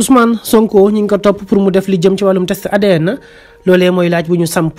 Ousmane Sonko ñu ngi ko topp pour mu def li jëm ci wàllum test ADN loolee mooy laaj bu ñu samp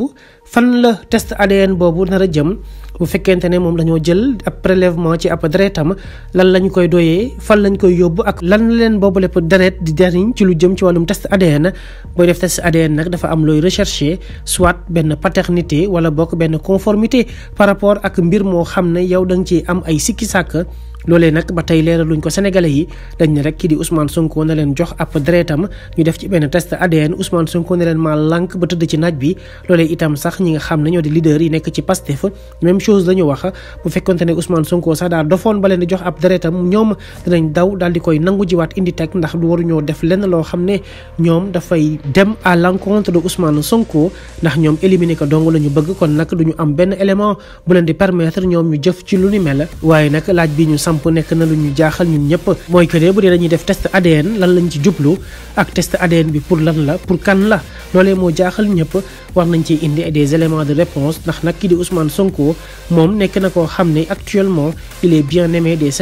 fan la test ADN boobu nar a jëm bu fekkente ne moom dañoo jël ab prélèvement ci ab deretam lan lañ koy doyee fan lañ koy yóbbu ak lan la leen boobu lépp deret di jariñ ci lu jëm ci wàllum test ADN booy def test ADN nag dafa am looy recherché soit benn paternité wala bokk benn conformité par rapport ak mbir moo xam ne yow da nga ciy am ay sikki sàkk loolee nag ba tey luñ ko sénégalais yi dañ ne rek kii di Ousmane Sonko na leen jox ab deretam ñu def ci benn test ADN Ousmane Sonko ne leen maa lànk ba tëdd ci naaj bi loolee itam sax ñi nga xam ne ñoo di leader yi nekk ci Pastef même chose la ñu wax bu fekkonte ne Ousmane Sonko sax daa dofoon ba leen di jox ab deretam ñoom daw daal di koy nangu jiwaat indi teg ndax du waruñoo def lenn loo xam ne ñoom dafay dem à l'encontre du Ousmane Sonko ndax ñoom éliminer ko dong la ñu bëgg kon nag duñu am benn élément bu leen di permettre ñoom ñu jëf ci lu ni mel waaye nag laaj bi samp nekk na lu ñu jaaxal ñun ñëpp mooy que la pour kan la ndax nag ki di Ousmane Sonko moom nekk na koo xam ne actuellement il est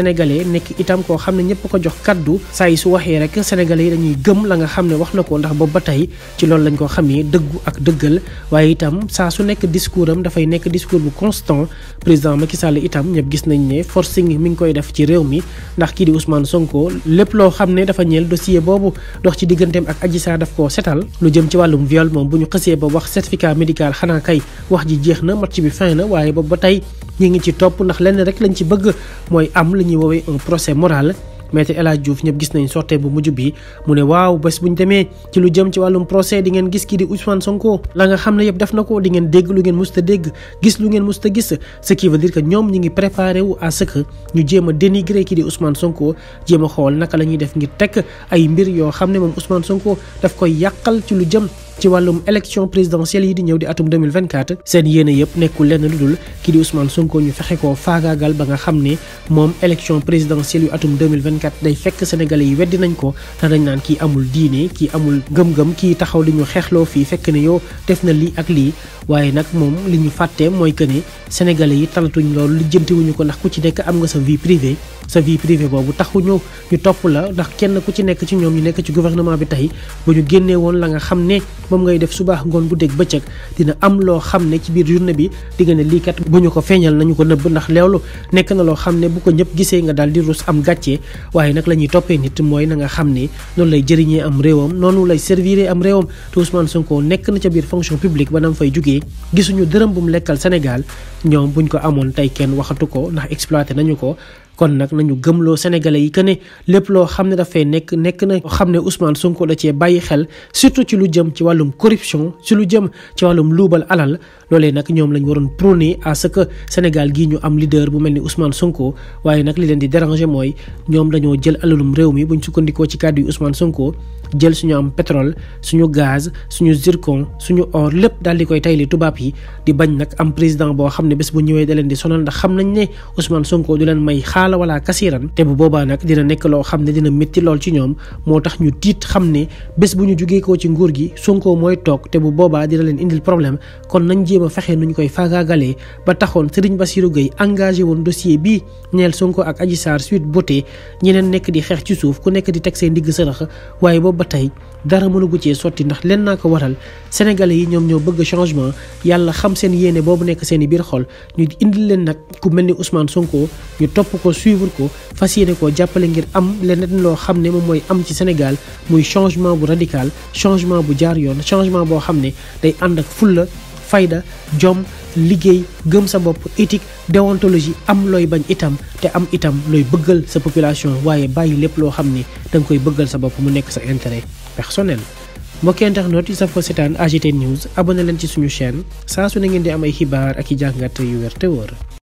nekk itam koo xam ne ñëpp ko jox kaddu saa yi su waxee rek Sénégalais yi dañuy gëm la nga xam ne wax na ko ndax boobu ba tey ci loolu lañ ko xamee dëggu ak dëggal waaye itam saa su nekk discours am dafay nekk discours bu constant président Macky itam ñëpp gis nañ ne forcing mi ngi koy def ci réew mi ndax kii di Ousmane Sonko lépp loo xam ne dafa ñeel dossier boobu dox ci digganteem ak Adji saa daf koo setal lu jëm ci wàllum viol moom bu ñu xësee ba wax certificat médical xanaa kay wax ji jeex na match bi fin na waaye boobu ba tey ñu ngi ci topp ndax lenn rek lañ ci bëgg mooy am li ñuy woowee un procès moral maître El Hadj Diouf ñëpp gis nañ sortie bu mujj bi mu ne waaw bés buñ demee ci lu jëm ci wàllum procès di ngeen gis kii di Ousmane Sonko la nga xam ne yëpp def na ko di ngeen dégg lu ngeen musta dégg gis lu ngeen musta gis ce qui veut dire que ñoom ñi ngi préparé wu à ce que ñu jéem a kii di Ousmane Sonko jéem xool naka la ñuy def ngir tekk ay mbir yoo xam ne moom Ousmane Sonko daf koy yàqal ci lu jëm ci wàllum élection présidentielle yi di ñëw di atum 2024 seen yéene yëpp nekkul lenn lu dul kii di Ousmane Sonko ñu fexe koo faagaagal ba nga xam ne moom élection présidentielle yu atum 2024 day fekk sénégalais yi weddi nañ ko te dañ naan ki amul diine kii amul gëm-gëm kii taxaw di ñu xeexloo fii fekk ne yow def na lii ak lii waaye nag moom li ñu fàtte mooy que ne sénégalais yi talatuñ loolu lijjantiwuñu ko ndax ku ci nekk am nga sa vie privée sa vie privée boobu taxuñu ñu topp la ndax kenn ku ci nekk ci ñoom ñu nekk ci gouvernement bi tey bu ñu génnee la nga xam ne moom ngay def subaax ngoon bu dégg bëccëg dina am loo xam ne ci biir journée bi di nga lii kat bu ñu ko feeñal nañu ko nëbb ndax loolu nekk na loo xam ne bu ko ñëpp gisee nga daal di rus am gàccee waaye nag la ñuy toppee nit mooy na nga xam ne noonu lay jëriñee am réewam noonu lay servir am réewam te Ousmane Sonko nekk na ca biir fonction publique ba nam fay jugee gisuñu dërëm bu mu lekkal Sénégal ñoom buñ ko amoon tey kenn waxatu ko ndax exploité nañu ko kon nag nañu gëmloo sénégalais yi que ne lépp loo xam ne dafay nekk nekk na xam ne usmaan Sonko da cee bàyyi xel surtout ci lu jëm ci wàllum corruption ci lu jëm ci wàllum luubal alal loolee nag ñoom lañ waroon prôné à ce Sénégal gii ñu am leader bu mel ni Ousmane Sonko waaye nag li leen di déranger mooy ñoom dañoo jël alalum réew mi buñ sukkandikoo ci kàddu yi Sonko jël suñu am pétrole suñu gaz suñu zircon suñu or lépp daal di koy tayli tubaab yi di bañ nag am président boo xam ne bés bu ñëwee da leen di sonal ndax xam nañ ne Ousmane Sonko du leen may xaal qaala wala kasiran te bu boobaa nag dina nekk loo xam ne dina métti lool ci ñoom moo tax ñu tiit xam ne bés bu ñu jugee ko ci nguur gi Sonko mooy toog te bu boobaa dina leen indil problème kon nañ jéem a fexe ñu koy fagaagalee ba taxoon Serigne Bassirou Gueye engagé woon dossier bi ñeel Sonko ak aji Sarr suite bote ñeneen nekk di xeex ci suuf ku nekk di teg seen digg sërëx waaye boobu ba tey dara mënu gu cee sotti ndax len naa ko waral sénégalais yi ñoom ñoo bëgg changement yàlla xam seen yéene boobu nekk seen i biir xol ñu indi leen nag ku mel ni Ousmane Sonko ñu topp ko suivre ko fas yéene koo jàppale ngir am leneen loo xam ne moom mooy am ci Sénégal muy changement bu radical changement bu jaar yoon changement boo xam ne day ànd ak fulla fayda jom liggéey gëm sa bopp éthique déontologie am looy bañ itam te am itam looy bëggal sa population waaye bàyyi lépp loo xam ni da koy bëggal sa bopp mu nekk sa intérêt personnel. mbokki internet yi sa fa seetaan AGT news abonné leen ci suñu chaîne saa su ne ngeen di am ay xibaar ak i jàngat yu wér te wóor.